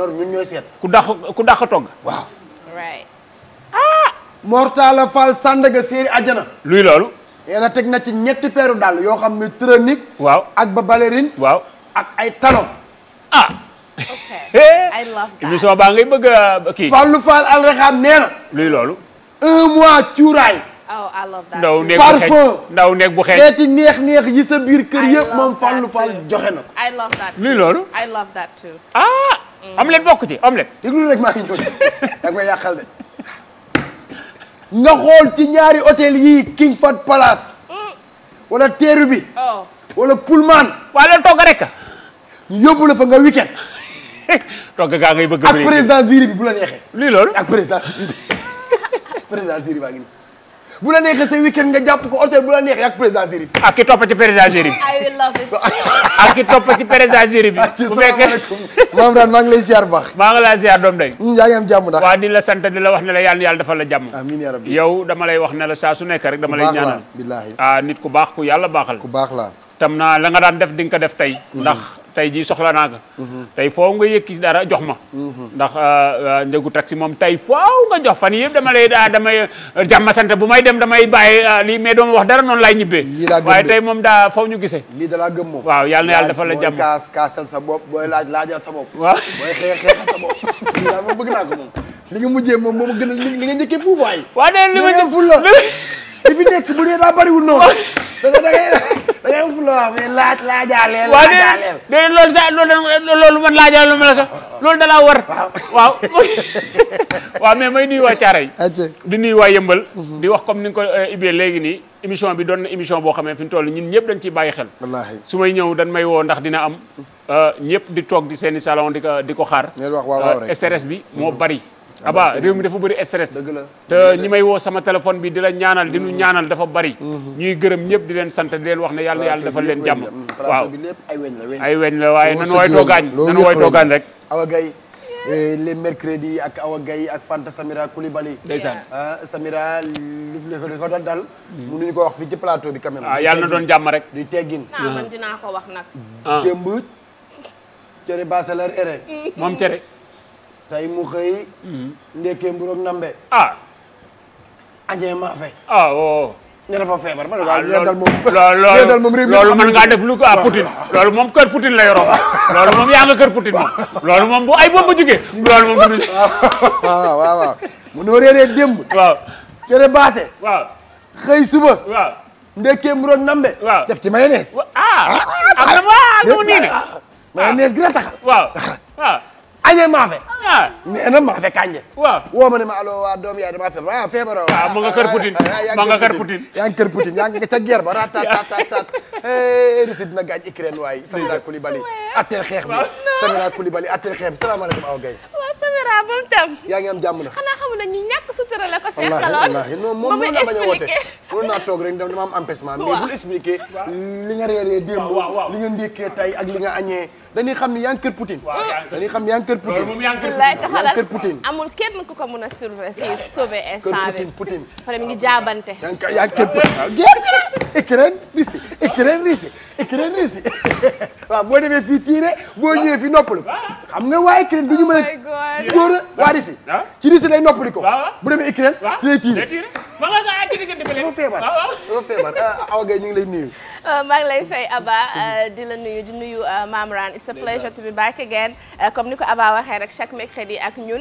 loolu ñun ñooy seet. ku dàq ku dàq togg. waaw. right. ah. Mortala Fall Sandaga séeri luy loolu. yàlla teg na ci ñetti peeru dàll yoo xam ne tronique. waaw ak ba ballerine. waaw ak ay talon. ah. ok I love that baa ngay bëgg a kii. Fallou Fall alraxam nee luy loolu. un mois cuuraay. Oh, ndaw nekk bu xeeñ xeeti neex neex yi sa biir kër yëpp moom Fallou Fall joxe na luy loolu. Mm. omelette bokk ci omelette. déglu rek maa ngi ñëw de da nga de nga xool ci ñaari hôtel yi King Fahd Palace. Mm. wala teeru bi. Oh. wala Pullman. waa loolu togg rek. ñu yóbbu fa nga weekend. togg gaa ngay bëgg ak président Ziri bi bu la neexee. ak président Ziri bi président Ziri baa ngi nii. bu la neexee sa weekend nga jàpp ko hôtel bu la neex ak président Zéry ak ki topp ci président Zéry bi. I will love it. ak maam daan maa ngi lay ziar baax. maa ngi lay ziar doom day. Mm, yaa jàmm ndax. waaw di la sant di la wax ne la yàlla yàlla dafa la jàmm. amiin yaa rabbi yow dama lay wax ne la saa su nekk rek dama lay. ñaanal billaahi ah nit ku baax ku yàlla baaxal. ku baax la. tam naa la nga daan def di nga ko def tey. Mm. ndax tey jii soxla naa ko mhm. tey foo nga yëkki dara jox ma mhm. ndax euh, euh, njëgu taxi moom tey foo nga jox fan yëpp dama lay daa ah, damay euh, jàmm sant bu may dem damay bàyyi ah, lii mais dooma wax dara noonu laay ñibbee waaye tey moom daa faw ñu gisee lii da laa gëm moom waaw yàlla na yàlla dafa la jàmm kaas kaasal sa bopp booy laaj laajal sa bopp waaw booy xeex xeexal sa bopp lii daal moom bëgg nga mujjee moom moom gën a li nga njëkkee fuufaay waaw de li ma jëf li fi nekk bu dee daa bariwul noonu. da nga da ngay da ngay am fuloo mais laaj laajaaleel. laajaaleel sax loolu man laajaaleel ma la loolu da war. waaw waaw mais may nuyu waa Caaray. di nuyu waa Yëmbal. Mhm. di wax comme ni ko ubbee euh, léegi nii émission bi doon na émission boo xamee fi mu toll ñun ñëpp dañ ciy bàyyi xel. wallaahi su may ñëw dan may woo ndax dina am. Euh, ñëpp di toog di seen i salon di ko di ko xaar. SRS euh, bi moo mhm. bari. aba réew mi dafa bëri stress te ñi may woo sama téléphone bi di la ñaanal di nu mm-hmm. ñaanal dafa bari mm-hmm. ñuy gërëm ñëpp di leen sant di wax na yàlla yàlla dafa leen jàmm waaw ay weñ la waaye nanu way doogaan nanu way doogaan rek awa gay eh, les mercredis ak awa gay ak Fanta Samira Koulibaly ndeysaan ah, Samira li ko dal dal mënuñu ko wax fii ci plateau bi quand ah, yàlla na doon jàmm rek di teggin man dinaa wax nag ah. démb cere baase moom cere tey mu xëy. ndekkee mburoog nambe. ah. añee maafe. ah woo. ñu fa feebar ba dëgg yàlla loolu dal moom def lu ko ah loolu moom kër Poutine la yoroon. loolu moom yaa nga kër Poutine moom. loolu moom bu ay bomb jugee. loolu moom du. waaw waaw waaw. munoo réeree waaw. cere baase. waaw. suba. waaw. ndekkee nambe. waaw def ci mayonnaise. ah am na ma am nii ne. mayonnaise gi la añee maafe. ah nee na maafe kànje. waaw woo ma ne ma allo waa doom yaay damaa feebar waaw feebaroo. Ah, waaw ma nga kër Poutine ma nga kër Poutine. yaa ngi kër Poutine yaa ngi ca guerre ba ratat tat tat Russie dina gaañ Ukraine waay Samira Koulibaly attel xeex bi ah, Samira Koulibaly attel xeex bi salaamaaleykum aw gay xanaa ba mu tam. yaa ngi am jàmm na xanaa xamu na ñu ñàkk sutura la ko seqaloon. wallaahi non moom mën naa bañ a woote mën naa toog rek dama am empêchement. mais bul expliquer li nga reeree démb. li nga ndékkee tay ak li nga añee. dañuy xam ni yaa ngi kër Poutine. dañuy xam ni yaa ngi kër Poutine. loolu moom yaa kër Poutine kenn ku ko mën a sauver. sauver instant bi kër Poutine Poutine. pare mi ngi jaabante. yaa ngi kër Poutine ah, écrin risi écrin risi écrin risi waaw boo demee fii tiire boo ñëwee fii noppalu xam nga waa Ukraine du ñu mën a oh dóor waa Russie ah? ci Russie lay noppali ko bu demee Ukraine ci lay tiire ma nga feebar dafa ah, Awa Gueye ñu ngi lay nuyu Euh, maa ngi lay fay Aba euh, di la nuyu di nuyu euh, Mamran it's a pleasure to be back comme ni ko Aba waxee rek chaque mercredi ak ñun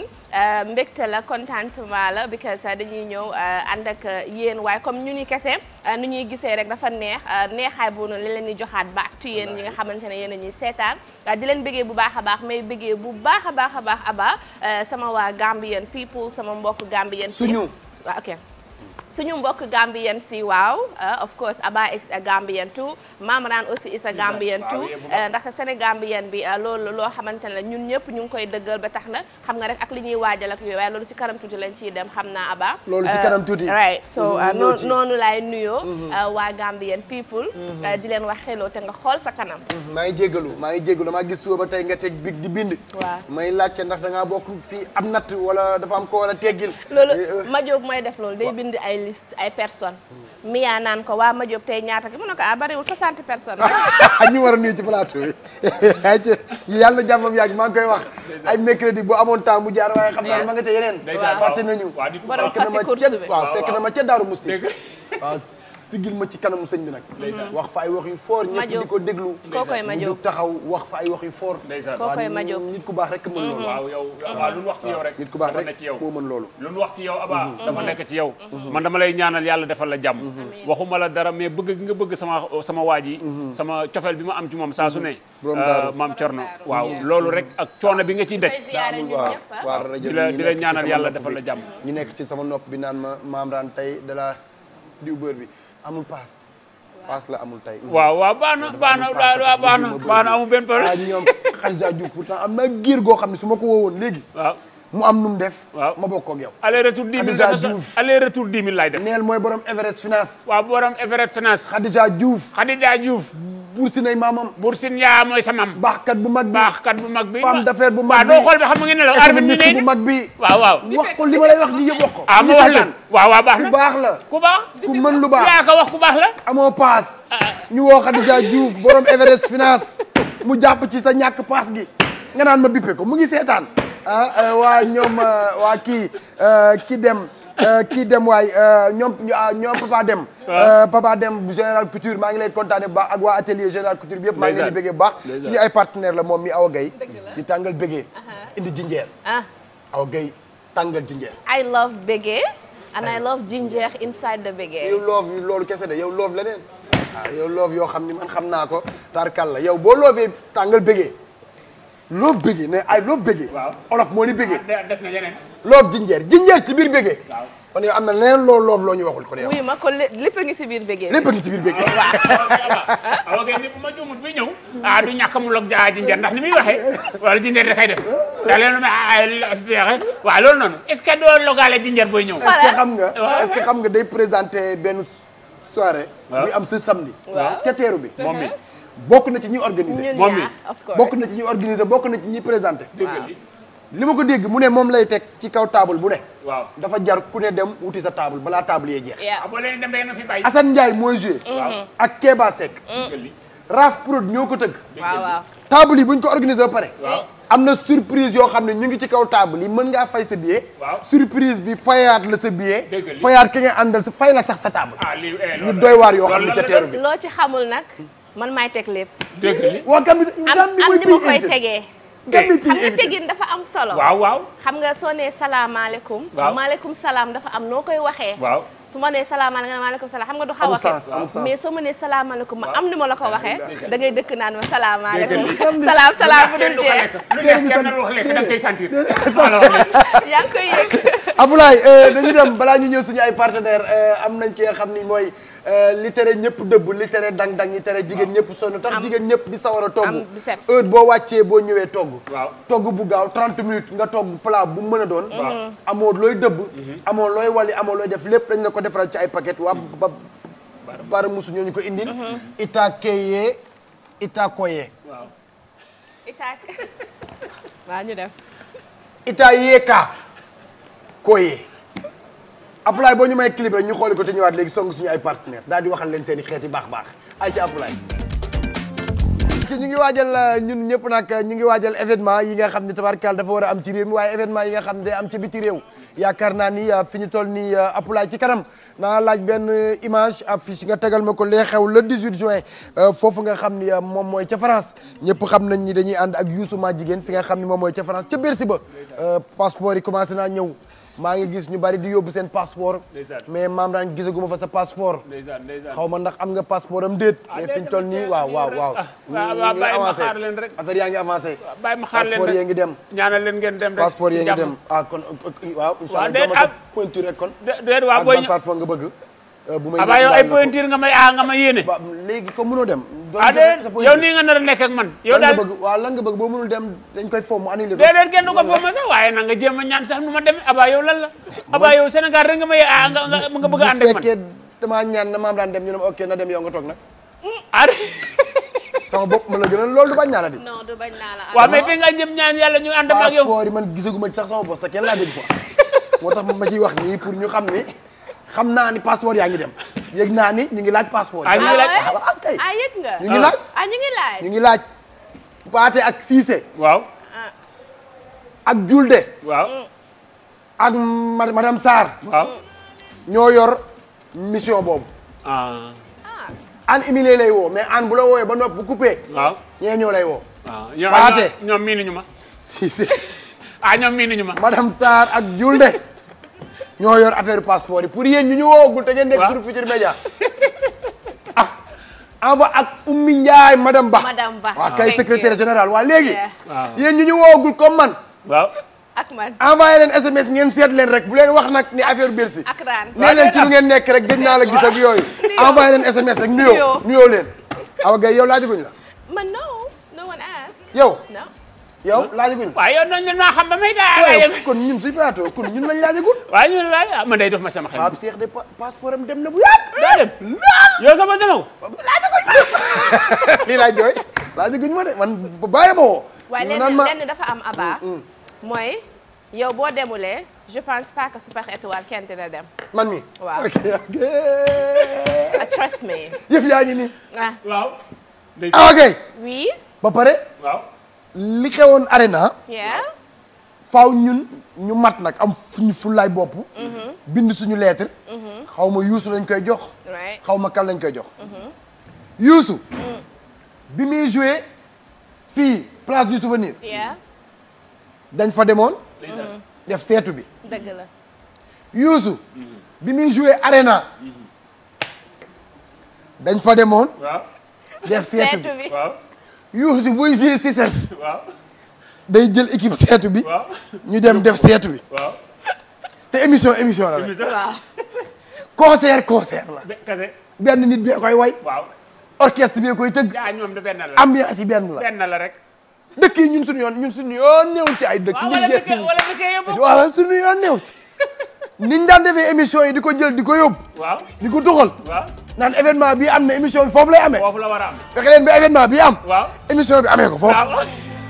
mbégte la contentement la because dañuy ñëw ànd ak yéen waaye comme ñu ni kese ni ñuy gisee rek dafa neex neexaay boobu noonu li leen di joxaat baax tu yéen ñi nga xamante ne yéen a ñuy seetaan di leen bëggee bu baax a baax mais bëggee bu baax a baax a baax Aba sama waa Gambian people sama mbokk Gambian. suñu waaw ok. suñu mbokk Gambien si waaw euh, of course Aba is a Gambian too Mamaran aussi is a Gambian too euh, ndaxte Sénégambien bi euh, loolu loo xamante ne la ñun ñëpp ñu ngi koy dëggal ba tax na xam nga rek ak li ñuy waajal ak yooyu waaye loolu ci kanam tuuti lañ ciy dem xam naa Aba. loolu ci kanam tuuti. right so noonu laay nuyoo. Mm-hmm. waa Gambian people. Mm-hmm. di leen wax xeloo te nga xool sa kanam. Mm-hmm. maa ngi jégalu maa ngi jégalu maa gis suba ba tey nga teg big di bind. waaw may laajte ndax da ngaa bokk fii am natt wala dafa am ko wala teggil. loolu ma jóg may def xaalis ko waa ma jóg tey ñaata ki mu ne ko ah bariwul 60 personnes. ak ñu war a nuyu ci plateau bi yàlla na jàmmam yàgg maa ngi koy wax ay mercredi bu amoon temps mu jaar waaye xam naa ma nga ca yeneen. fàtte nañu. waaw fekk na ma ca ma ca Daaru Musti sigil ma ci kanamu sëñ bi nag. wax fa ay wax yu fort. ma ko déglu. kookoy ma taxaw wax fa ay wax yu fort. kookoy ma jóg nit ku baax rek mën loolu. Mm-hmm. waaw yow mm-hmm. waaw lu wax ci yow rek. nit ku baax rek moo loolu. lu wax ci yow Aba. Mm-hmm. dafa nekk ci yow. man dama lay ñaanal yàlla defal la jàmm. waxuma la dara mais bëgg nga bëgg sama sama waa ji. sama cofeel bi ma am ci moom saa su ne. Euh, maam Thierno waaw loolu rek ak coono bi nga ciy daj. waaw ah. waaw rajo di la ñaanal yàlla defal la jàmm. ñu nekk ci sama nopp bi naan ma maam raan tey de la diw bi amul paas. paas la amul tey. waaw waaw baax na baax na waaw baax na baax na amul benn problème. ah ñoom Khadija Diouf am na giir goo xam ne su ma ko woowoon léegi. mu am nu mu def. ma bokk ak yow. aller retour 10 000 laay def. neel mooy borom Everest finance. waaw borom Everest finance. Khadija Diouf Khadija Diouf. Boursinay maamam. Boursin yaa mooy sa mam. baaxkat bu mag bi baaxkat bu mat bi. femme d'affaires bu mag bi waaw doo xool ba xam nga ne la. arbitre bi bu mag bi. waaw waaw wax ko ko. la ah, waaw waaw baax na ku baax la. ku baax ku mën lu baax yaa ko wax ku baax la. amoo paas. Ah, ah. ñu woo Khadija Diouf borom Everest finance mu jàpp ci sa ñàkk paas gi nga naan ma bippe ko mu ngi seetaan. ah waa ñoom waa ki ki dem. Euh, kii dem waay euh, ñoom ah, ñoom Papa Dem. Ah. Euh, Papa Dem général couture maa ngi lay kontaane bu baax ak waa atelier général couture bi yëpp. maa ngi leen di bëggee bu baax. suñu ay partenaire la moom mi Awa gay di tàngal bëggee. Uh-huh. indi jinjeer. Ah. Awa Gueye tàngal jinjeer. I love bëggee. and I love ginger inside the bëggee. yow love loolu kese de yow love leneen. waaw yow love yoo xam ni man xam naa ko tarkal la yow boo loovee tàngal bëggee. loof bëggee ne ay loof bëggee. waaw olof moo ni bëggee. Ah, des na yeneen. loof jinjeer jinjeer ci biir bëggee. waaw kon yow am na leneen loo loof loo ñu waxul kon yow. ma kon lépp a ngi ci biir bëggee. lépp ngi ci biir bëggee. Ah, waaw ah, ok bi ñëw. ah du ñàkk mu log ah jinjeer ndax ni muy waxee wala jinjeer da kay def. da leen ma ay waaw loolu noonu est-ce que doo logaale jinjeer booy ñëw. est-ce que xam nga est-ce xam nga day présenté benn soirée. muy am ce samedi. waaw ca teeru bi moom bokk na ci ñuy organiser moom mi bokk na ci ñuy organiser bokk na ci ñuy présenter li ma ko dégg mu ne moom lay teg ci kaw table bu ne waaw dafa jar ku ne dem wuti sa table balaa table yee jeex ah, Assane Ndiaye mooy joué mm-hmm. ak Kéba Seck mm. Raf Prod ñoo ko tëgg table yi bu ñu ko organiser ba pare am na surprise yoo xam ne ñu ngi ci kaw table yi mën ngaa fay sa billet surprise bi fayaat la sa billet fayaat ki nga àndal si fay la sax sa table ah, eh, yu doy waar yoo xam ne ca teeru bi loo ci xamul nag man maay teg lépp. dégg li waaw am ni ma koy tegee. gam bi xam nga tegin dafa am solo. waaw waaw xam nga soo nee salaamaaleykum. waaw maaleykum salaam dafa am noo koy waxee. waaw su ma nee salaamaaleykum nga ne maaleykum salaam xam nga a waxee mais soo ma nee am ni ma la ko waxee. dangay dëkk naan ma salaamaaleykum. salaam salaam bu dul dee. kenn du lekk da nga koy sentir. yaa ngi koy yëg. Aboulaye euh, dañu dem balaa ñu ñëw suñu ay partenaire euh, am nañ ki nga xam ni mooy euh, li tere ñëpp dëbb li tere dang-dang yi tere jigéen ñëpp sonn tax jigéen ñëpp di sawar a togg heure boo wàccee boo ñëwee togg togg bu gaaw 30 minutes nga togg plat bu mën a doon mm-hmm. amoo looy dëbb mm-hmm. amoo looy wali amoo looy def lépp dañ la ko defaral ci ay paquet waa ba bara musu ñu ko indi ita keye ita koye waaw ita waa ñu yeeka koyee Abdoulaye boo ñu may clip rek ñu xooli ko te ñëwaat léegi song suñu ay partenaire daal di waxal leen seeni i xeeti baax baax ay ci Abdoulaye ñu ngi waajal euh, ñun ñëpp nag euh, ñu ngi waajal événement yi nga xam ne tabarkaal dafa war a am ci réew mi waaye événement yi nga xam ne am ci biti réew yaakaar naa ni euh, fi ñu toll nii Abdoulaye ci kanam naa laaj benn image affiche nga tegal ma ko lee xew la 18 juin foofu nga xam ni moom mooy ca France ñëpp xam nañ ni dañuy ànd ak Youssou ma jigéen fi nga xam ni moom mooy ca France ca Bercy ba passeport yi commencé naa ñëw maa ngi gis ñu bari di yóbbu seen passeport. mais maam daan gisaguma fa sa passeport. xaw ma ndax am nga passeport am déet. Ah, mais fi ñu toll nii waaw waaw ah, waaw. waaw bàyyi ma xaar leen rek affaire yaa ngi avancé. e ma xaar leen rek passeport yaa ngi dem ah kon waaw. incha allah dama sa pointure rek kon. déet waaw booy nga bëgg. Euh, bu may yóbbu ah, yow ay pointure nga may ah nga ma yéene. léegi ko mënoo dem. doon yow nii nga nar a nekk ak man. yow daal waaw lan nga bëgg boo mënul dem dañ koy fomm annulé ko. déedéet kenn du ko fomm sax waaye na nga jéem a ñaan nu ma demee Aba yow lan Aba yow Sénégal nga may ah, a nga nga bëgg a ànd ak man na maam daan dem ñu ne ok na dem yow nga toog nag. sama bopp man la gën a du bañ naa la di. non du bañ naa la. waaw mais te nga jëm ñaan yàlla ñu ànd ak sama bos kenn laa jëg quoi moo tax ma ciy wax nii pour xam ni xam naa ni passeport yaa ngi dem yëg naa ni ñu ngi laaj passeport. ah ñu ngi laaj ah, ah, ah ngi laaj. Paate ak Cissé. waaw. ak Julde. Mm. ak madame Sarr. Mm. ñoo yor mission boobu. Ah. an imile lay woo mais an bu la wooyee ba nopp bu coupé. waaw ñee ñoo lay woo. waaw Paate ñoom miinuñu ma. Cissé. ah ñoom miinuñu ma. madame Sarr ak Julde. ñoo yor affaire passeport yi pour yéen ñu ñu woowagul te ngeen nekk groupe Futurs Médias ah envoie ak Oumy Ndiaye madame Ba madame Ba waaw kay secrétaire général waa léegi yéen ñu ñu woowagul comme man waaw ak man envoyé leen SMS ngeen seet leen rek bu leen wax nag ni affaire Bercy ak raan nee leen ci ngeen nekk rek gëj naa la gis ak yooyu envoyé leen SMS rek nuyoo nuyoo leen Awa Gaye yow laajaguñ la man no no one asked yow yow laajagul waaw yow noonu ñun xam ba may daa kon ñun suñu plateau kon ñun lañ laajagul ñun laaj ah, man day def ma sama xel waaw Cheikh de passeport am dem na bu yàgg daa dem yow sama demaw laajaguñ lii laaj jooy laajaguñ ma de man bàyyi ma woo waaye lenn dafa am aba mm, mm. mooy yow boo demulee je pense pas que Super Étoile kenn dem man mi waaw ah, trust me ah. ok oui ba pare li xewoon arena faaw ñun ñu mat nag am fuñu fullaay bopp mm-hmm. bind suñu lettre mm-hmm. xaw ma yuusu lañ koy jox xaw ma kan lañ koy jox mm-hmm. yuusu mm. bi muy joué fii place du souvenir dañ fa demoon def seetu bi dëgg bi muy joué arena dañ fa demoon def seetu bi Youssou buy joué CICES. waaw day jël équipe seetu bi. ñu dem def seetu bi. waaw te émission émission la rek. concert concert la. benn nit bee koy way. waaw orchestre bee koy tëgg. ah ñoom de benn la ambiance benn la. la rek. dëkk yi ñun suñu yoon ñun suñu yoon néew ci ay dëkk. waaw wala dëkk waaw suñu yoon néew niñ daan defee émission yi di ko jël di ko yóbbu. waaw di ko tuxal. waaw naan événement bii am na émission bi foofu lay amee. foofu la war a am fexe leen ba événement bii am. waaw émission bi amee ko foofu.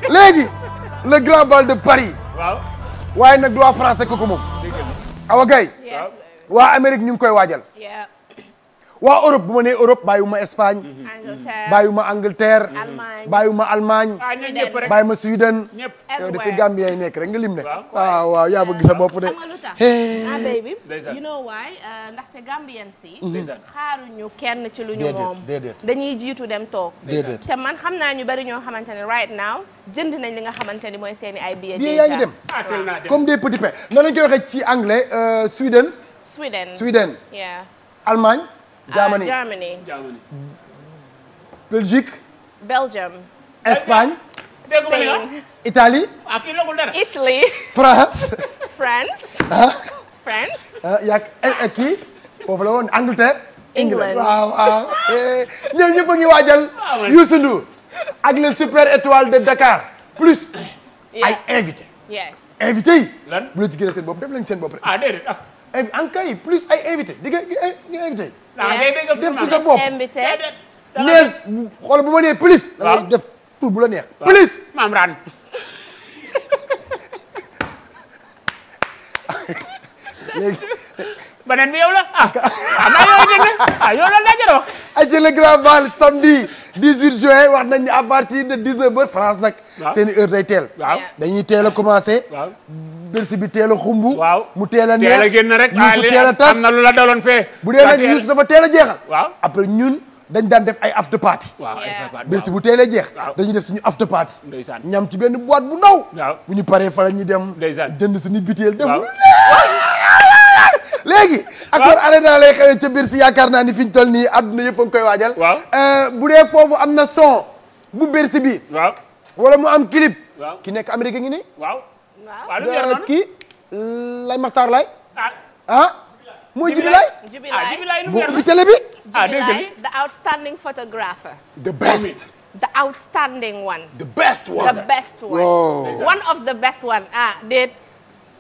léegi le grand bal de Paris. waaw waaye nag du waa France rek ko moom. Awa Gaye. waa Amérique ñu ngi koy waajal. waa Europe bu ma nee Europe bàyyiwuma Espagne. Angleterre bàyyiwuma Angleterre. Allemagne bàyyiwuma Allemagne. bàyyiwuma Sweden. ñëpp yow dafi Gambie yaay nekk rek nga lim ne. waaw ah, waaw sa bopp de. ah baby you know ah, ndaxte Gambien si. Mhm. kenn ci lu ñu dañuy jiitu dem toog. déedéet te man xam naa ñu bari ñoo xamante ne right now jënd nañ li xamante ni mooy seen i ay billets. yaa ngi ah, dem comme des petits pains. nan lañ koy waxee ci anglais euh, Sweden. Sweden Sweden. Allemagne. Uh, Germany Germany. Belgique. Belgium. Espagne. Spain Italie. Ah, Italy. France. France. Ah. Ah, yak eh, eh, kii foofu la woon Angleterre. England waaw waaw. Eh, ñoom ñëpp a ngi waajal. Youssou Ndour ak les super étoiles de Dakar plus. ay invité. yes invité yi. lan bu la ci gën a seen bopp def lañ seen bopp rek. encas yi plus ay invité di nga di nga invité. def ci sa bopp neel xool ma nee plus. da ngay def tur bu la neex. plus maam ran léegi. beneen bi yow la ah ah yow yow la laaj wax. ayca le grand bal samedi 18 juin wax nañ ne à partir de 19h France nag. waaw seen i heure day teel. waaw dañuy teel a commencé. waaw. bersi bi teel a xumb. waaw mu teel a neex teel rek. Youssou teel a tas am na lu la daloon fee. dee nag Youssou teel a jeexal. waaw après ñun dañ daan def ay after party. waaw bersi bu teel a jeex. dañu def suñu after party. ndeysaan ñam ci benn boîte bu ndaw. waaw bu ñu paree fa ñuy dem. ndeysaan jënd suñu biteel def. léegi accord arena lay xewee ca Bercy yaakaar naa ni fiñ toll nii adduna yëpp a koy waajal waaw euh, bu dee foofu am na son bu Bercy bi waaw wala mu am clip ki nekk am Amérique ngi ni waaw waaw kii lay maxtaar lay ah. ah, moo ubbi ah, télé bi ah the outstanding photographer the best the outstanding one the best one one of the best one ah déet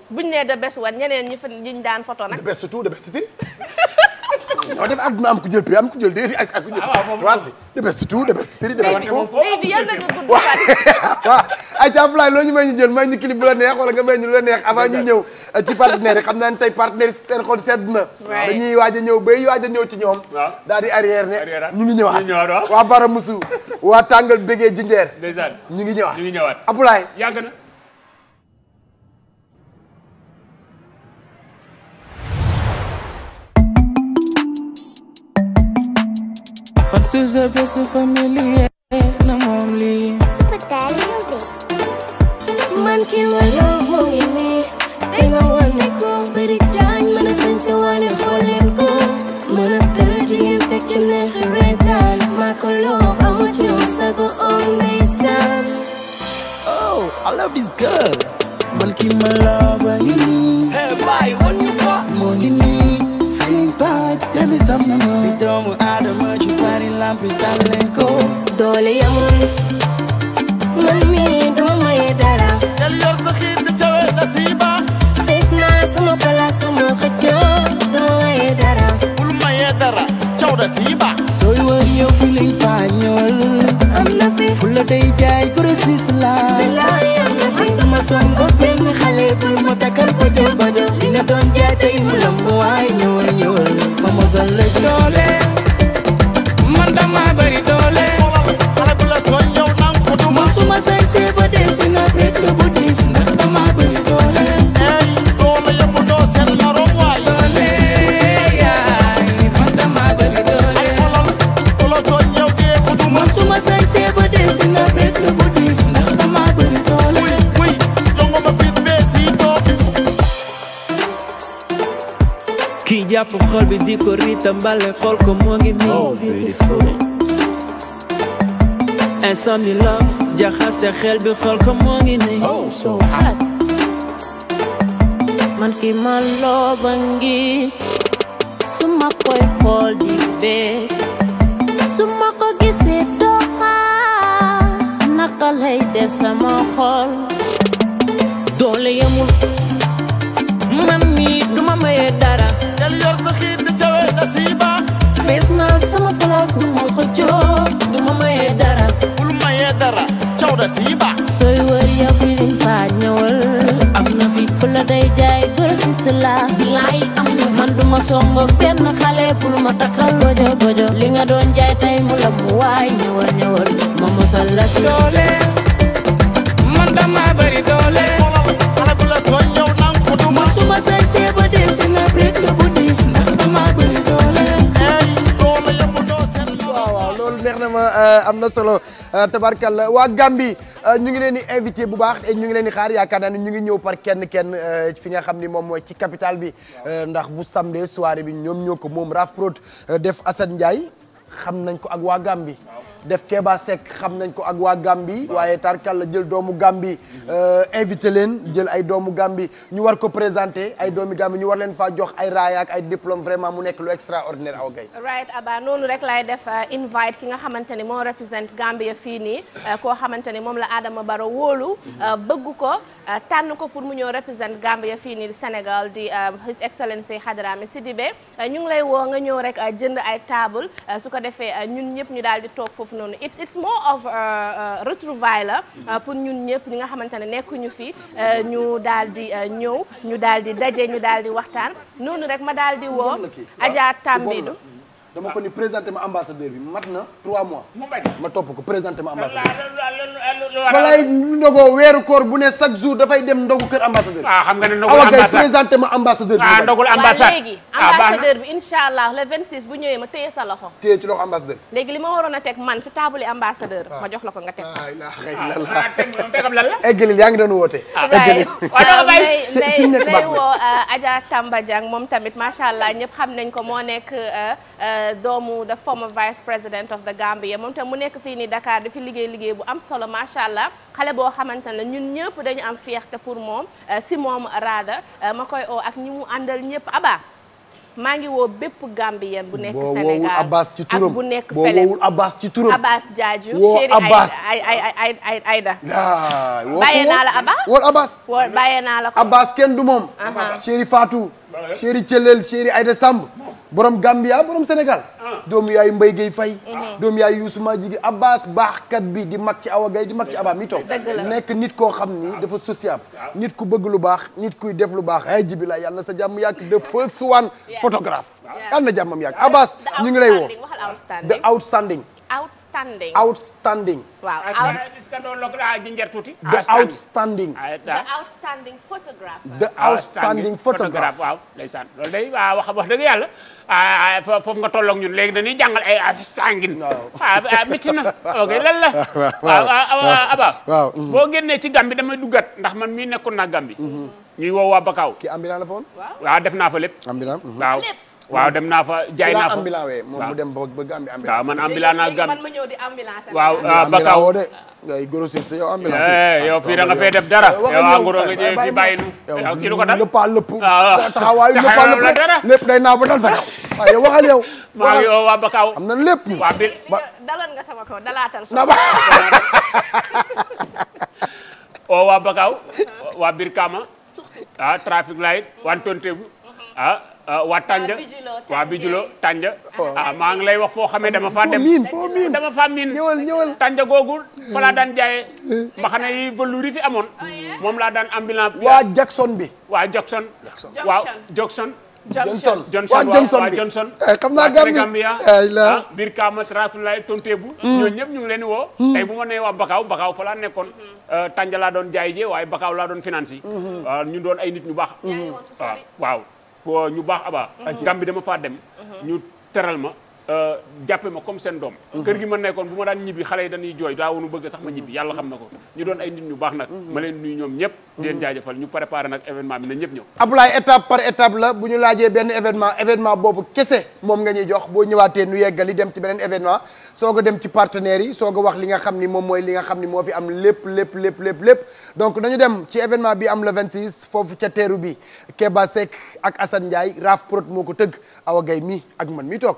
buñ ne the best one ñeneen ñi fa ñiñ daan photo nag the best two the best three waaw def àdduna am ku jël prix am ku jël déedéet ak ak ku jël. Ah, waaw the best two the best three the best four. waaw ay caaflaay loo ñu may ñu jël may ñu clip bu la neex wala nga may ñu la neex avant ñuy ñëw eh, ci partenaire yi xam naa ne tey partenaire seen xol sedd na. dañuy waaj a ñëw bay waaj a ñëw ci ñoom. waaw daal di arrière ne ah. ñu ngi ñëwaat. waa Baramusu waa tàngal bégee jinjeer. ñu ngi ñëwaat ñu ngi ñëwaat Abdoulaye yàgg na Fan si de blesse na moom lii Super Daddy Music man ki wala moo ngi ni te nga wane ko bëri jaañ mën a sañ si wane xooleen ko mën a tër di ngeen teg ci neexi reetaan maa ko loo amu ci yow sago on ndeysaan oh, girl man ki ma love a ngi nii hey bye wan ñu ko moo ngi nii feeling bad dem is am na ma doomu aadama bi tàlleen ko doole yamul man mi duma may dara del yor sa xiit di cawe nasiiba fees naa sama palaas dama xëccoo duma may dara bul mayee dara caw nasiiba sooy war yow fi lañ paañool am na fi fu la day jaay grossiste ma songo benn xale bul ma takkal ba joo ba joo li nga doon jaay tey mu la xol bi di ko ritambale xool ko moo ngi nii oh, insomni la jaxase xel bi xool ko moo ngi nii oh, man ma looba ngi ma koy xool di bee su ma ko gisee doxa naka lay def sama xol doole yemul man mi duma maye dara fees naa sama place du ma xëccoo du ma mayee dara bul mayee dara caw da sii ba sooy wër ya fi liñ faa ñëwal am na fi fu la day jaay bërsiste la laay am na man du ma songo kenn xale pour ma takkal bojo bojo li nga doon jaay tey mu la mu waay ñëwal ñëwal ma mosal la doole man bari doole Euh, am na solo euh, tabarkalla waa Gambie euh, ñu ngi leen di invité bu baax ñu ngi leen di xaar yaakaar naa ne ñu ngi ñëw par kenn kenn fi nga xam ni moom mooy ci capital bi ndax bu samedi soirée bi ñoom ñëw ko moom Raf Prod def Assane Ndiaye xam nañ ko ak waa Gambie def Kéba Seck xam nañ ko ak waa Gambie waaye tarkal la jël doomu Gambie euh, invité leen jël ay doomu Gambie ñu war ko présenté ay doomi Gambie ñu war leen faa jox ay raaya ak ay diplôme vraiment mu nekk lu extraordinaire aw gay right aba noonu rek laay def euh, invite ki nga xamante ni moo représente Gambie fii nii euh, koo xamante ni moom la Adama Barrow wóolu mhm. bëgg ko tànn ko pour mu ñëw représente ya fii nii Sénégal di His Excellency Hadrami Sidibé ñu ngi lay woo nga ñëw rek jënd ay table su ko defee ñun ñëpp ñu daal di toog noonu it it's more of uh, uh, retrouvaille la uh, pour ñun ñëpp ñi nga xamante ne nekkuñu fi ñu daal di ñëw ñu daal di daje ñu daal di waxtaan noonu rek ma daal di woo Adja Tambidou dama ko ni présenté ma ambassadeur bi mat na 3 mois. ma topp ko présenté ma ambassadeur bi. fa lay ndogoo weeru koor bu ne chaque jour dafay dem ndogu kër ambassadeur. ah xam nga ne ndogul ambassade awa kay présenté ma ambassadeur bi. ah ndogul ambassade waaw léegi. Ah, ambassadeur bi incha allah le 26 bu ñëwee ma téye sa loxo. téye ci loxo ambassadeur. léegi li ma waroon a teg man si table ambassadeur. Ah. ma jox la ko nga teg ko. Ah, yaa ngi doon woote. eggali waaw woo euh, Adja Tamba Diang moom tamit macha allah ñëpp xam nañ ko moo nekk euh, euh, doomu the former vice president of the Gambia moom tam mu nekk fii nii Dakar di fi liggéey liggéey bu am solo macha allah xale boo xamante ne ñun ñëpp dañu am fierté pour moom eh, si moom raada eh, ma koy oo ak ñi mu àndal ñëpp aba maa ngi woo bépp Gambien bu nekk Sénégal Abbas ci turam bu nekk fële boo woowul Abbas ci turam Abbas Jaaju woo Abbas ay ay ay ay Ayda bàyyee naa la Abbas kenn du moom Chéri Fatou chéri Thielel chéri Aïda Samb borom Gambia borom Sénégal ah. doom yaayu Mbaye Gueye Faye eh doom yaayu Youssou Madjigi Abbas baaxkat bi di mag ci Awa Gaye di mag ci Abba mi nekk nit koo xam ni dafa sociable ah. nit ku bëgg lu baax nit kuy def lu baax ay jibi yàlla sa jàmm yàgg de first one photographe yàlla na jàmmam yàgg Abbas ñu ngi lay woo the outstanding outstanding. outstanding. waaw out. tuuti. the outstanding. Ah, the outstanding photograph. the outstanding photograph waaw. ndeysaan loolu day wax wax dëgg yàlla ah, ah, foofu nga tolloog ñun léegi dañuy jàngal ay outstanding. waaw métti na ok lan la. waaw waaw Aba. waaw boo génnee damay duggat ndax man mii nekkoon naa Gàmbi. Mhm. ñuy woo waa Bakaw. ki Amina la foon. waaw def naa fa lépp. Amina mhm. waaw. waaw dem naa fa jaay naa fa ambulant mu dem ba Gambie ambulance waaw man ambulance ñëw di ambulance waaw ah, de ngay grossiste ambulance eh, yow fii nga fee def dara yow anguro nga jëlee fii bàyyi ah, taxawaayu lépp a lépp lépp day naaw ba dal waa Bakaaw am na lépp ñu dalan nga sama kaw dalaatal sa oo waa Bakaaw waa Birkama ah Ah, waa Tànja waa Bijulo Tànja ah maa ngi lay wax foo xamee dama faa dem dama faa miin ñëwal ñëwal Tànja googu fa laa daan jaayee hmm. mbaxana yi velours yi fi amoon oh, moom laa daan ambulance waa Jackson bi waa Jackson waaw Jackson Johnson Johnson waaw Johnson. xam naa Gambia eh, la ah, biir Kaamas Rasulullah Tontebu. Hmm. ñooñu ñëpp ñu ngi leen di woo. Hmm. tey bu ma nee waa Bakaaw Bakaaw fa laa nekkoon. Eh, Tànja laa doon jaay jee waaye Bakaaw laa doon finance yi. Ah, ñu doon ay nit ñu baax. foo ñu baax abaa gam bi dama fa dem mhm. ñu teral ma Euh, jàppe ma comme seen doom mhm. kër gi ma nekkoon bu ma daan ñibbi xale yi dañuy jooy daawunu bëgg sax ma ñibbi yàlla xam na ko ñu doon ay nit ñu baax nag mhm. ma leen nuyu ñoom ñëpp di leen mhm. jaajëfal ñu préparé nag événement bi na ñëpp ñëw Abdoulaye étape par étape la bu ñu laajee benn événement événement boobu kese moom nga ñuy jox boo ñëwaatee nu yeggali dem ci beneen événement soo ko dem ci partenaires yi soo ko wax li nga xam ni moom mooy li nga xam ni moo fi am lépp lépp lépp lépp lépp donc nañu dem ci événement bi am le 26 foofu ca teeru bi Keba Seck ak Assane Ndiaye Raf Prod moo ko tëgg Awa Gaye ak man mi toog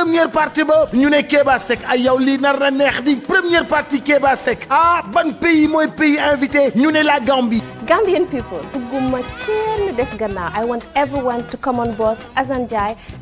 première partie ba ñu ne Kéba Seck ay yow lii nar na neex di première partie Kéba Seck ah ban pays mooy pays invité ñu ne la Gambie. Gambian people bugguma kenn des gannaaw I want everyone to come on board Assane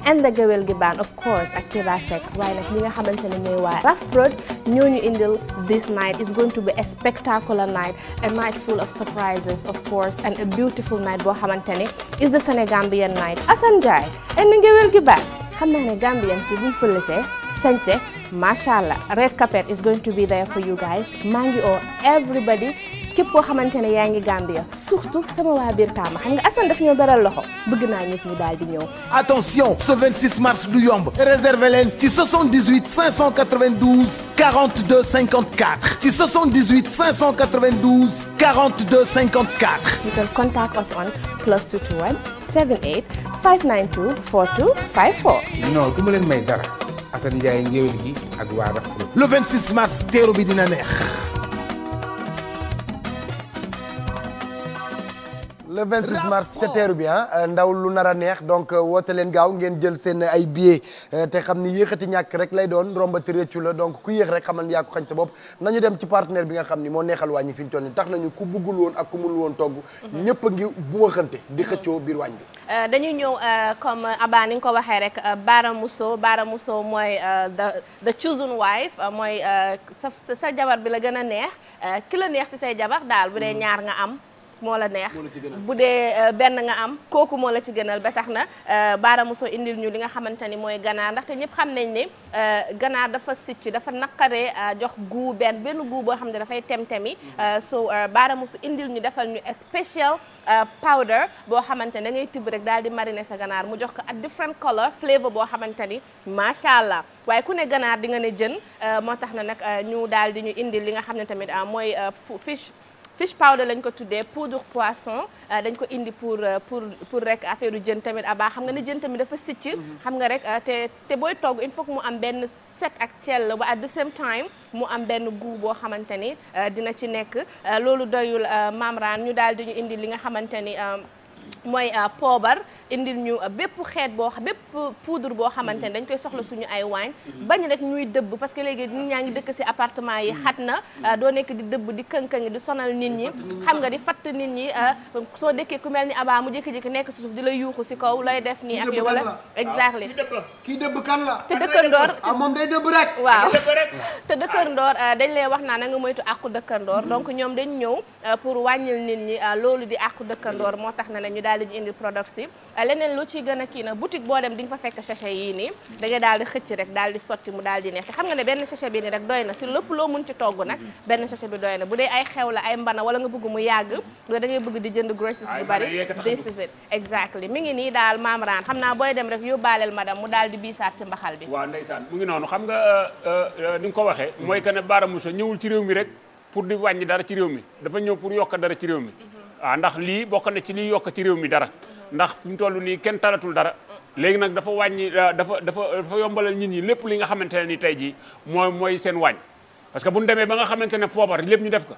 and the Gewel gi band of course ak Kéba Seck waaye nag li nga xamante ne mooy waa Raf Prod ñoo ñu indil this night is going to be a spectacular night a night full of surprises of course and a beautiful night boo xamante ne is the Senegambian night Assane Ndiaye and the Gewel band. xam naa ne Gambian si buñ fëlësee sañse macha allah red carpet is going to be there for you guys maa ngi oo everybody képp koo xamante ne yaa ngi Gambia surtout sama waa biir Tamba xam nga Assane daf ñoo beral loxo bëgg naa ñëpp ñu daal di ñëw. attention ce 26 mars du yomb réservé leen ci 78 592 42 54 ci 78 592 42 54. you can contact us on plus 221 78 592 42 54. du ma leen dara Assane Ndiaye ngéwél gi ak waa Rafet. le 26 mars teeru bi dina neex. le 26 mars ca teeru bi ah euh, ndaw lu nara neex donc euh, woote leen gaaw ngeen jël seen ay billets euh, te xam ni yéexati ñàkk rek lay doon rombati réccu la donc ku yéex rek xamal ni yaa ko xañ sa bopp nañu dem ci partenaire bi nga xam ni moo neexal wàññi fi ñu toll ni tax nañu ku buggul woon ak ku mënul woon togg mhm. ñëpp a ngi bu waxante di xëccoo biir wàññ bi dañuy ñëw comme Aba ni nga ko waxee rek Baara Mousso Baara Mousso mooy the the chosen wife mooy sa sa jabar bi la gën a neex ki la neex ci say jabar daal bu dee mm. ñaar nga am moo la neex bu dee euh, benn nga am kooku moo la ci gënal ba tax na euh, baara mosoo indil ñu li nga xamante ni mooy ganaar ndaxte ñëpp xam nañ ne euh, ganaar dafa sicc dafa naqaree jox guu benn benn guu boo xam ne dafay tem-temi mm-hmm. so baara su indil ñu defal ñu spécial powder boo xamante da ngay tibb rek daal di marine sa ganaar mu jox ko ak different color flavor boo xamante ni macha allah waaye ku ne ganaar di nga ne jën moo tax na nag ñu daal di ñu indil li nga xam ne tamit mooy fish fish powder lañ ko tuddee pour poudre poisson euh, dañ ko indi pour euh, pour pour rek affaire jën tamit abaa xam nga ne jën tamit dafa sicc mhm. xam nga rek euh, te te booy togg il faut mu am benn set ak cell ba at the same time mu am benn goût boo xamante ni dina ci nekk loolu doyul Mame Rane ñu daal di ñu indi li nga xamante ni mooy euh, poobar indil ñu euh, bépp xeet boo bépp poudre boo xamante ne dañ koy soxla suñu ay waañ bañ rek ñuy dëbb parce que léegi nit ñaa ngi dëkk ci appartement yi xat na euh, doo nekk di dëbb di kënkëng di sonal nit ñi xam nga di fatt nit ñi soo dëkkee ku mel ni abaa mu jékki-jékki nekk ci suuf di la yuuxu ci kaw lay def nii ak yow wala exactly kii dëbb kan la te dëkkandoor ah moom day dëbb rek waaw te dëkkandoor dañ lay wax naa na nga moytu àqu dëkkandoor mm-hmm. donc ñoom dañ ñëw pour wàññil nit ñi di àqu dëkkandoor moo tax na daal di ñu indi products yi euh, leneen lu ci gën a kii na boutique boo dem di fa fekk sachet yii nii da ngay daal di xëcc rek daal di sotti mu daal di neex te xam nga ne benn sachet bi nii rek doy na si lépp loo mun ci togg nag mm-hmm. benn sachet bi doy na bu dee ay xew la ay mbana wala nga bëgg mu yàgg da bëgg di jënd groceries bu bari this is it exactly mi ngi nii daal maam raan xam naa booy dem rek mu di biisaat si mbaxal bi waaw ndeysaan ngi noonu xam nga euh, euh, ni ko waxee mm-hmm. mooy que ne Bara Moussa ñëwul ci réew mi rek pour di wàññi dara ci réew mi dafa ñëw pour yokk dara ci réew mi mm-hmm. waaw ah, ndax lii bokk na ci liy yokk ci réew mi dara ndax fi mu toll nii kenn talatul dara léegi nag dafa wàññi ah, dafa dafa dafa yombalal nit ñi lépp li nga xamante ne ni tey jii mooy mooy seen wàññ parce que bu ñu demee ba nga xamante ne poobar lépp ñu def ko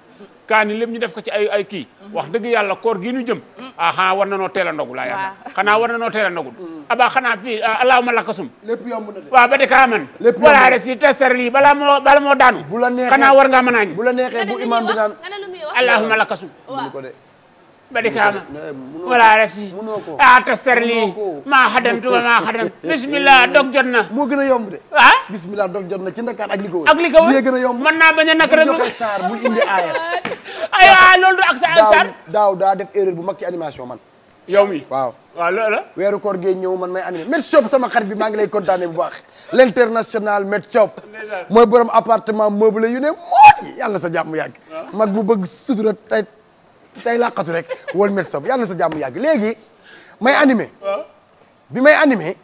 kaani lépp ñu def ko ci ay ay kii wax dëgg yàlla koor gi nu jëm mm. ah xanaa war na noo teel a ndogu laa xanaa war na noo teel a ndogu mm. abaa xanaa fii ah, allahuma lakasum lépp yomb na de waaw ba a kaa man voilà res yi testar lii moo bala moo daanu bu la neexee xanaa war ngaa mën a la neexee bu imaam bi naan allahuma lakasum ko de bari kaama wala rasi a tasarli maa xadam tuba maa xadam bismillah dog jot na moo gën a yomb de ah bismillah dog jot na ci Ndakaar ak li ko wër ak li ko wër yee gën a yomb mën naa bañ a nak rek joxe saar bu indi aaya ay a loolu du ak sa daaw daa def erreur bu mag ci animation man yow mi waaw waaw loolu la weeru koor gee ñëw man may animé Met Shop sama xarit bi maa ngi lay kontaane bu baax l' international Met Shop mooy borom appartement meublé yu ne mooti yàlla sa jàmm yàgg mag bu bëgg sutura day làqatu rek wal met sob yàlla sa jàmm yàgg léegi may anime bi may anime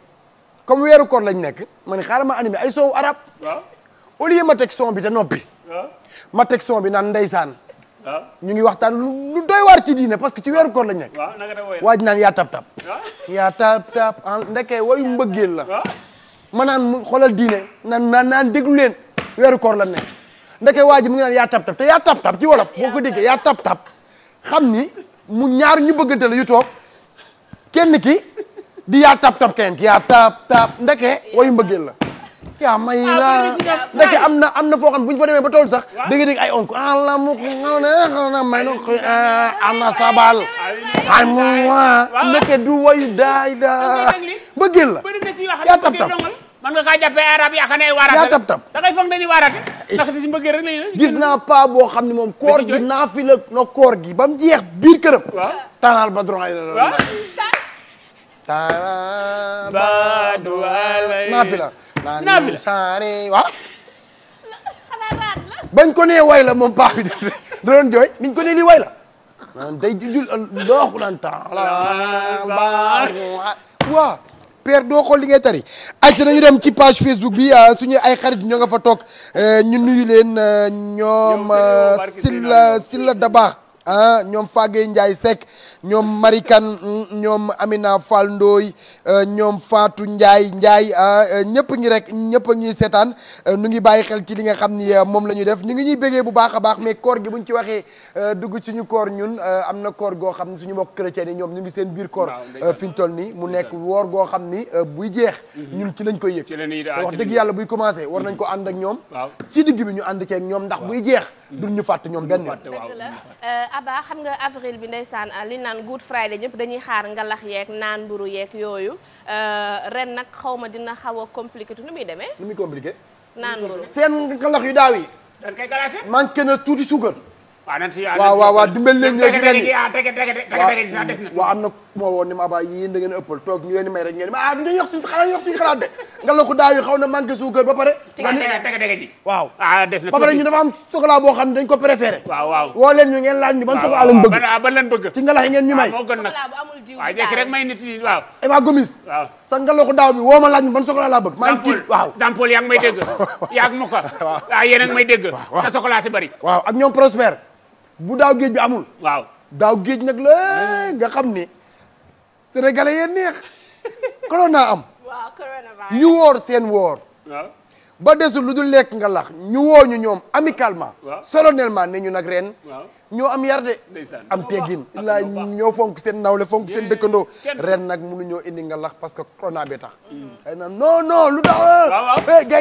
comme weeru koor lañ nekk ma ne xaaral ma anime ay soowu arab au lieu ma teg son bi te noppi ma teg son bi naan ndeysaan ñu ngi waxtaan lu doy waar ci diine parce que ci weeru koor lañ nekk waaj naan yaa tap tap yaa tap tap ah, ndeke wayu mbëggeel la ma naan xoolal diine naan naan naan déglu leen weeru koor lañ nekk ndeke waa ji mu ngi naan yaa tap tap te yaa wolof boo ko déggee yaa tap tap xam ni mu ñaar ñu bëggante la yu toog kenn ki di yaa tap tap kenn ki yaa tap tap ndeke wayu mbëggeel la yaa may ah, la ndeke am na am na foo xam bu ñu fa demee ba tool sax da ay onk ala mu xaw na may na ah, sabal ay mu ah, wa ndeke du wayu daay da mbëggeel la yaa tap tap man nga kaa jàppee arab yaa tab tab gis naa paa boo xam ne moom koor gi naa no koor gi ba jeex biir këram tanaal badron ay la naa fi la naa fi moom paa bi da doon jooy ko nee lii way naan day jul dooxu naan tanaal badron waaw père doo xool li ngay tari ayca nañu dem ci page Facebook bi ah, suñu ay xarit ñoo nga fa toog eh, ñu nuyu leen eh, ñoom Silla Silla Dabaax ah ñoom Fagé Ndiaye Seck ñoom Marikan mm, ñoom Amina Fall Ndoy eh, ñoom Fatou Ndiaye Ndiaye ah, eh, ñëpp ñi rek ñëpp a ñuy seetaan eh, nu ngi bàyyi xel ci li nga xam ni moom la ñuy def ñu ngi ñuy bégee bu baax a baax mais koor gi bu ñu ci waxee dugg suñu koor ñun am na koor goo xam ne suñu bokk chrétien yi ñoom ñu ngi seen biir koor fi ñu toll nii mu nekk woor goo xam ni buy jeex mhm. ñun ci lañ koy yëg wax dëgg yàlla buy commencé war nañ ko mhm. ànd ak ñoom ci digg bi ñu ànd ceeg ñoom ndax buy jeex mhm. duñ ñu fàtt ñoom benn Aba xam nga avril bi ndeysaan ah, li naan Good Friday ñëpp dañuy xaar ngalax yeeg naan mburu yeek yooyu euh, ren nag xaw ma dina xaw a tu nu muy demee. nu muy compliqué. naan mburu seen ngalax yu daaw yi. dañ koy galaase. manqué na tuuti suukar. waa waaw waaw leen ñoo gis na ku ma toog ñu may rek ngeen ma ah dañu yox suñu xalaat de nga la ko na manqué suukar ba pare ah, ba pare ñu dafa am chocolat boo xam ne dañ ko préféré waaw waaw woo leen ñu ngeen laaj ñu ban ah, ah, ma laaj ñu ban chocolat laa bëgg maa ngi kii waaw may dégg a sa chocolat si bari waaw ak ñoom Prosper bu daaw géej bi amul. waaw daaw géej nag la nga xam ni. sénégalais yee neex. corona am. waaw corona ñu woor seen woor. ba desul lu dul lekk nga lax ñu wooñu ñoom ami amicalement solennellement ne ñu nag ren ñoo am yar de am teggin laa ñoo fonk seen nawle fonk seen dëkkandoo ren nag mënu ñoo indi nga lax parce que corona bi tax ay na non non lu tax ah. eh, gars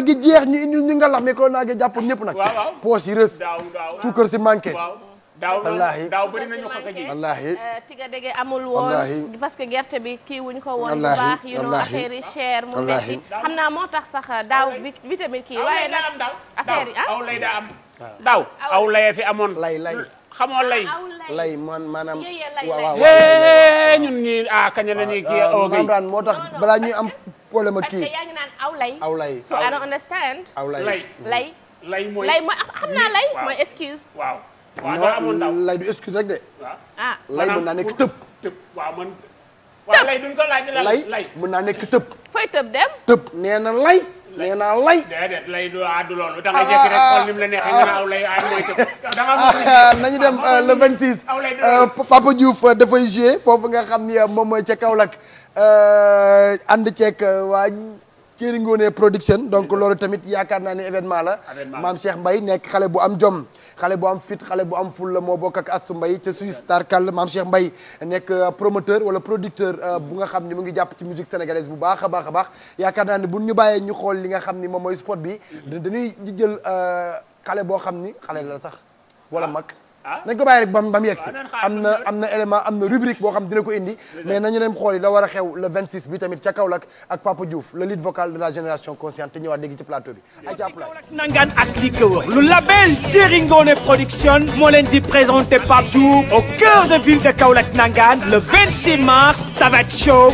yi gi jeex ñu indi ñu nga lax gi jàppoon ñépp nag poos yi rës si manqué wallaahi daaw bëri nañu ko ka ji wallaahi eh, tiga dege amul woon parce que gerte bi kii wuñ ko woon bu baax yu no affaire yi cher mu metti xam naa moo tax sax eh, daaw vitamine kii waaye nag affaire yi ah. aw am daaw aw lay fi amoon lay lay xamoo lay lay man maanaam waaw waaw ah, moo tax balaa ñuy am problème ak kii parce que yaa ngi naan aw lay aw lay so I don't understand lay mooy ah, xam naa lay mooy excuse lay du excuse rek de. Ah. lay mën na nekk tëb. tëb waaw man. waaw lay duñ ko nekk tëb. fooy tëb dem. tëb nee na lay. nee lay. déedéet lay du la neexee nga naaw lay aay mooy tëb. Ah, nañu dem euh, le 26. Euh, Papa Diouf euh, dafay joué foofu nga xam ni moom mooy ca Kaolack ànd ceeg waa. Thierry Ngoné production donc loolu tamit yaakaar naa ne événement la maam Cheikh mbay nekk xale bu am jom xale bu am fit xale bu am ful la moo bokk ak Astou Mbaye ca Suisse tarkal maam Cheikh Mbaye nekk euh, promoteur wala producteur euh, bu nga xam ni mu ngi jàpp ci musique sénégalaise bu baax a baax a baax yaakaar naa ne bu ñu bàyyee ñu xool li nga xam ni moom mooy spot bi mm. dañuy jël euh, xale boo xam ni xale la sax wala ah. mag Ah? nañ ko ba mu na am na élément am na rubrique boo xam dina ko indi mais nañu dem xool yi la war a xew le 26 bi tamit ca Kaolack ak Papa Diouf le lead vocal de la génération consciente te ñëwaat dégg ci plateau bi ay ci appla nangaan ak li ko wër lu label Thierry Ngone production moo di présenter Pape Diouf au cœur de ville de Kaolack nangaan le 26 mars ça va être chaud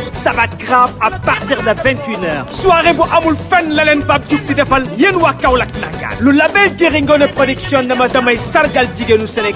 à partir de 21 soirée bu amul fenn la leen Pape Diouf di defal yéen waa label Thierry Ngone production dama damay sargal jigéenu Sénégal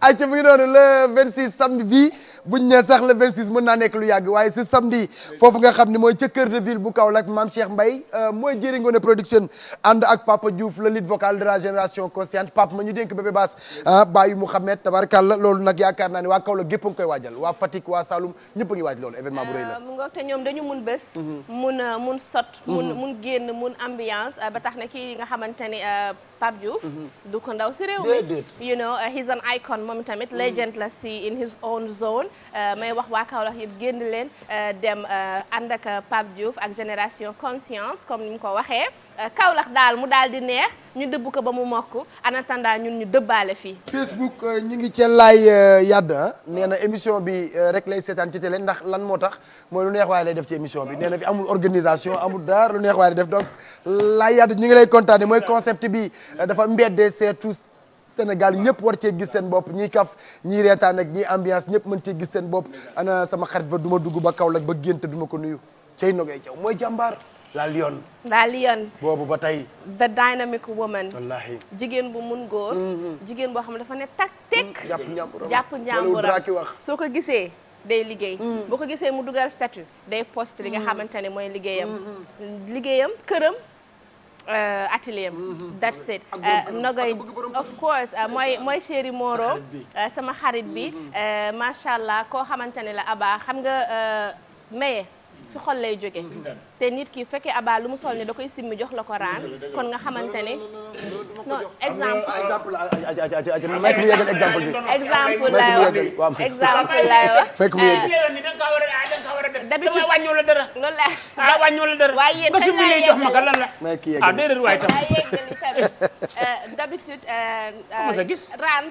ayca mu ngi noonu le 26 samedi bii buñ ne sax le 26 mën naa nekk lu yàgg waaye si samedi foofu nga xam ne mooy ca cœur de ville bu Kaolack maam Cheikh Mbaye euh, mooy jëri Ngoné production ànd ak Papa Diouf le lead vocal de la génération consciente Papa ma ñu dénk bébé baas euh, Baye Mouhamed tabarkàlla loolu nag yaakaar naa ne waa Kaolack gépp a koy waajal waa Fatick waa Saloum ñëpp a ngi waaj loolu événement bu rëy la euh, mu nga te ñoom dañu mun bés mhm. mun mun sot mun mhm. mun génn nga xamante ne Pape Diouf. Mhm. du ko ndaw si réew mi you know uh, he's an icon moom tamit mm. legend la si in his own zone uh, may wax waa Kaolack yëpp génn leen uh, dem ànd ak Pape Diouf ak génération conscience comme ni mu ko waxee. Euh, Kaolack daal mu daal di neex ñu dëbb ko ba mu mokk en attendant ñun ñu dëbbaale fii. Facebook euh, ñu ngi cee laay euh, yàdd ah nee na émission bi rek lay seetaan ci télé ndax lan moo tax mooy lu neex waaye lay def ci émission bi nee na fi amul organisation amul dara lu neex waaye lay def donc laay yàdd ñu ngi lay kontaane mooy concept bi dafa mbedde surtout. Sénégal ñëpp war cee gis seen bopp ñiy kaf ñiy reetaan ak ñiy ambiance ñëpp mën cee gis seen bopp ana sama xarit ba duma dugg ba Kaolack ba génte duma ko nuyu cey nogay jaw mooy jàmbaar la lionne. la lionne. boobu ba tey. the dynamic woman. jigéen bu mun góor. Mm-hmm. jigéen boo xam ne dafa ne tak tek. Mm-hmm. jàpp njàmburam jàpp njàmburam soo ko gisee. day liggéey mm. boo ko gisee mu dugal statut day post li nga mm-hmm. xamante ne mooy liggéeyam liggéeyam këram euh, atelier am that's it euh, nogay of course euh, mooy mooy chéri Moro sama xarit bi macha allah koo xamante ne la abaa xam nga maye si xol lay jóge te nit ki fekkee abaa lu mu sol ne da koy simmi jox la ko raan kon nga xamante ne non exemple exemple may exemple bi exemple laay wax waaye yéen kañ laa jox ma ka la may ki ah, yeggal ah déedéet waay eh, eh, eh, raan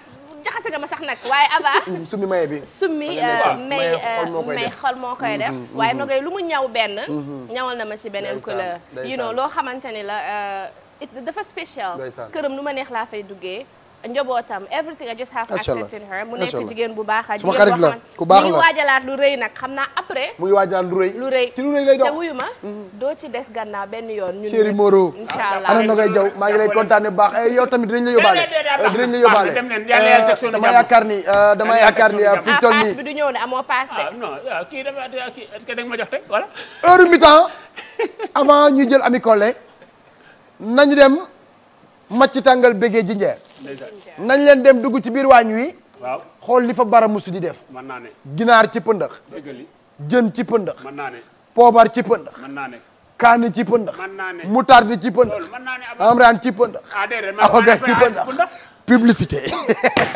jaxase nga ma sax nag waaye Ava. Mm, summi maye bi summi euh, may euh, xol moo koy def mm-hmm, waaye mm-hmm. nogay lu mu ñaw benn mm-hmm. ñawal na ma ci beneen couleur you know loo xamante ni la euh, dafa spécial këram lu ma neex laa fay duggee njobootam everything I just have access in her mu nekk jigéen bu baax a jigéen boo xam ne ku baax la muy waajalaat lu rëy nag xam naa après muy waajalaat lu rëy lu rëy ci lu rëy lay dox te wuyu ma mm-hmm. doo ci des gannaaw benn yoon ñun chéri Moro incha ah, allah ana Nogay Jaw maa ngi lay kontaane baax eh, yow tamit dinañ la yóbbaale eh, dinañ la yóbbaale eh, dama yaakaar ni dama yaakaar ni fi toll nii ah, paas bi du ñëw ne amoo paas de ah, non kii dama kii est-ce que da nga ma jox tey voilà heure mi-temps avant ñu jël Ami Collé nañu dem macc tàngal bégee jinjeer nañ leen dem dugg ci biir waañ wi xool li fa bara baramusu di def mën naa ne ginaar ci pëndax jën ci pëndax mën naa ne poobar ci pëndax naa ne kaani ci pëndax mën naa ne moutarde ci pëndax amran ci pëndax awoga ah, ci pëndax publicité